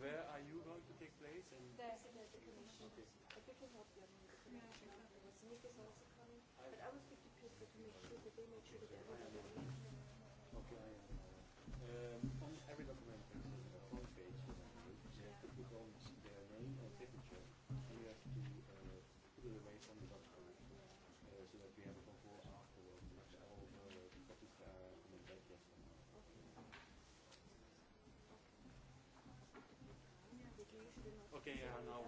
Where are you going to take place? And There's the commission. Okay. But we can help you. Nick is also coming. But I will speak to Peter to make sure that they make sure that everyone. Okay. Um, Okay, yeah, now.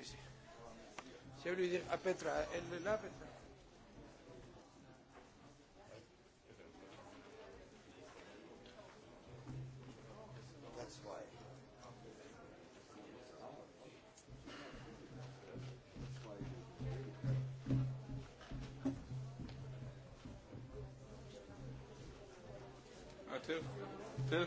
ici. Je vais lui dire à Petra, elle est là, Petra. Two. Two.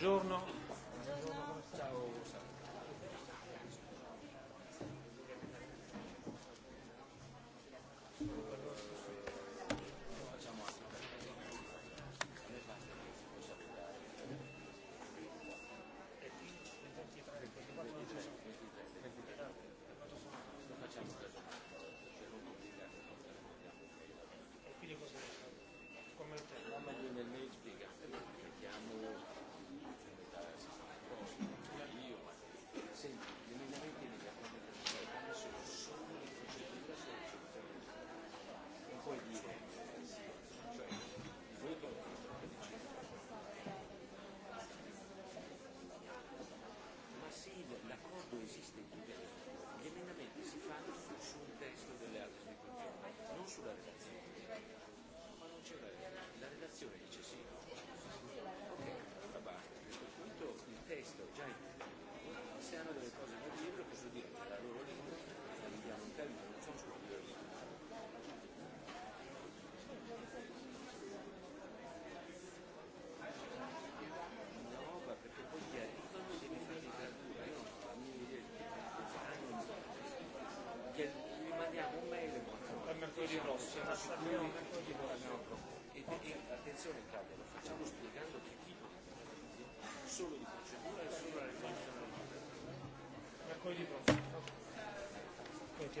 Buongiorno. hanno delle cose libro dire la loro lingua in termini non sono solo perché poi di io non che gli mandiamo un mail e attenzione lo facciamo spiegando che tipo di solo di procedura e solo la Quindi ti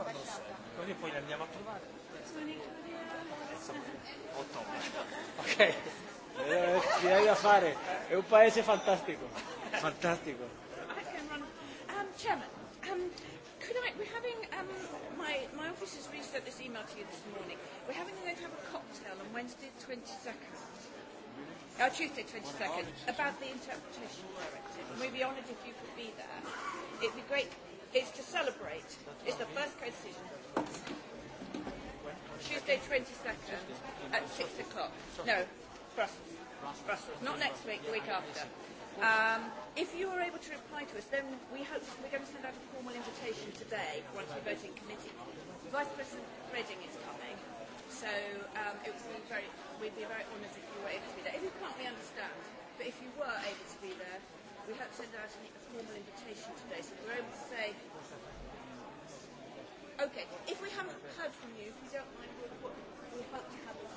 a così poi li andiamo a trovare. Ottobre. Ok, ci hai da fare, è un paese fantastico, fantastico. Um, Chairman, um, could I, we're having, um, my, my office has reached out this email to you this morning. We're having going to have a cocktail on Wednesday the 22nd. Oh, Tuesday, 22nd, about the interpretation directive. we'd be honoured if you could be there. It'd be great is to celebrate. It's the first co-decision. Tuesday 22nd at 6 o'clock. No, Brussels. Brussels. Not next week, the week after. Um, if you are able to reply to us, then we hope we're going to send out a formal invitation today once we vote in committee. Vice President Redding is coming, so um, it would be very, we'd be very honoured if you were able to be there. If you can't, we understand. But if you were able to be there, we have to send out a formal invitation today, so we're able to say. Okay, if we haven't heard from you, if you don't mind, we'll, we'll hope to have one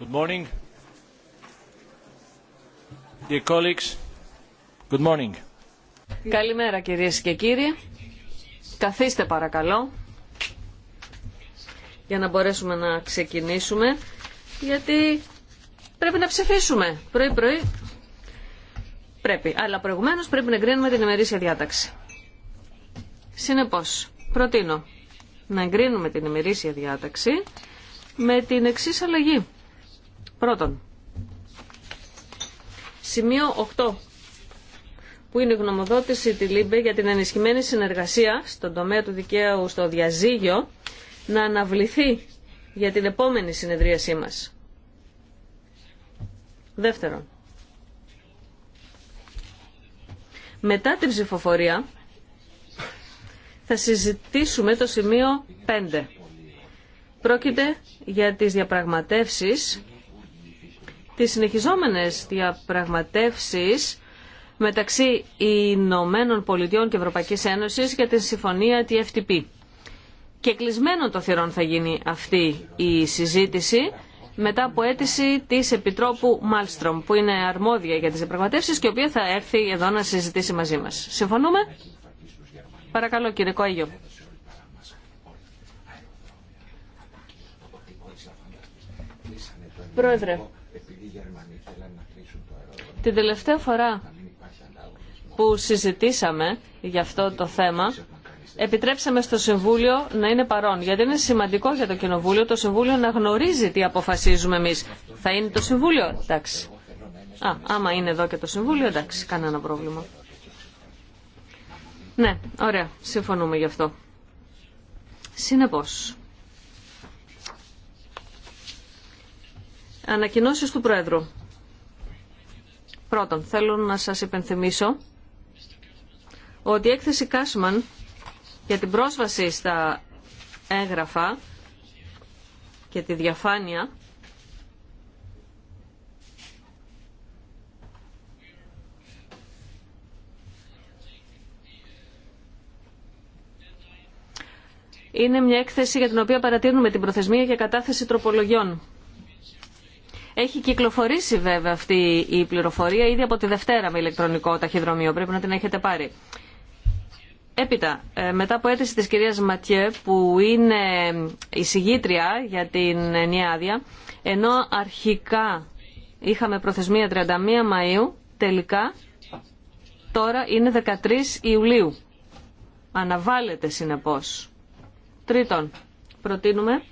Good morning. Dear colleagues, good morning. Καλημέρα κυρίες και κύριοι. Καθίστε παρακαλώ για να μπορέσουμε να ξεκινήσουμε γιατί πρέπει να ψηφίσουμε πρωί πρωί. Πρέπει, αλλά προηγουμένως πρέπει να εγκρίνουμε την ημερήσια διάταξη. Συνεπώς, προτείνω να εγκρίνουμε την ημερήσια διάταξη με την εξής αλλαγή. Πρώτον, σημείο 8 που είναι η γνωμοδότηση τη ΛΥΜΠΕ για την ενισχυμένη συνεργασία στον τομέα του δικαίου στο διαζύγιο να αναβληθεί για την επόμενη συνεδρίασή μας. Δεύτερον, μετά την ψηφοφορία θα συζητήσουμε το σημείο 5. Πρόκειται για τις διαπραγματεύσεις τις συνεχιζόμενες διαπραγματεύσεις μεταξύ Ηνωμένων Πολιτειών και Ευρωπαϊκής Ένωσης για τη συμφωνία TFTP. Και κλεισμένο το θυρών θα γίνει αυτή η συζήτηση μετά από αίτηση της Επιτρόπου Μάλστρομ, που είναι αρμόδια για τις διαπραγματεύσεις και οποία θα έρθει εδώ να συζητήσει μαζί μας. Συμφωνούμε? Παρακαλώ κύριε Κόγιο. Πρόεδρε. Την τελευταία φορά που συζητήσαμε για αυτό το θέμα, επιτρέψαμε στο Συμβούλιο να είναι παρόν. Γιατί είναι σημαντικό για το Κοινοβούλιο το Συμβούλιο να γνωρίζει τι αποφασίζουμε εμεί. Θα είναι το Συμβούλιο, εντάξει. Α, άμα είναι εδώ και το Συμβούλιο, εντάξει, κανένα πρόβλημα. Ναι, ωραία, συμφωνούμε γι' αυτό. Συνεπώς, Ανακοινώσεις του Πρόεδρου. Πρώτον, θέλω να σας υπενθυμίσω ότι η έκθεση Κάσμαν για την πρόσβαση στα έγγραφα και τη διαφάνεια είναι μια έκθεση για την οποία παρατείνουμε την προθεσμία για κατάθεση τροπολογιών. Έχει κυκλοφορήσει βέβαια αυτή η πληροφορία ήδη από τη Δευτέρα με ηλεκτρονικό ταχυδρομείο. Πρέπει να την έχετε πάρει. Έπειτα, ε, μετά από αίτηση της κυρίας Ματιέ, που είναι η συγγήτρια για την ενιαία άδεια, ενώ αρχικά είχαμε προθεσμία 31 Μαΐου, τελικά τώρα είναι 13 Ιουλίου. Αναβάλλεται συνεπώς. Τρίτον, προτείνουμε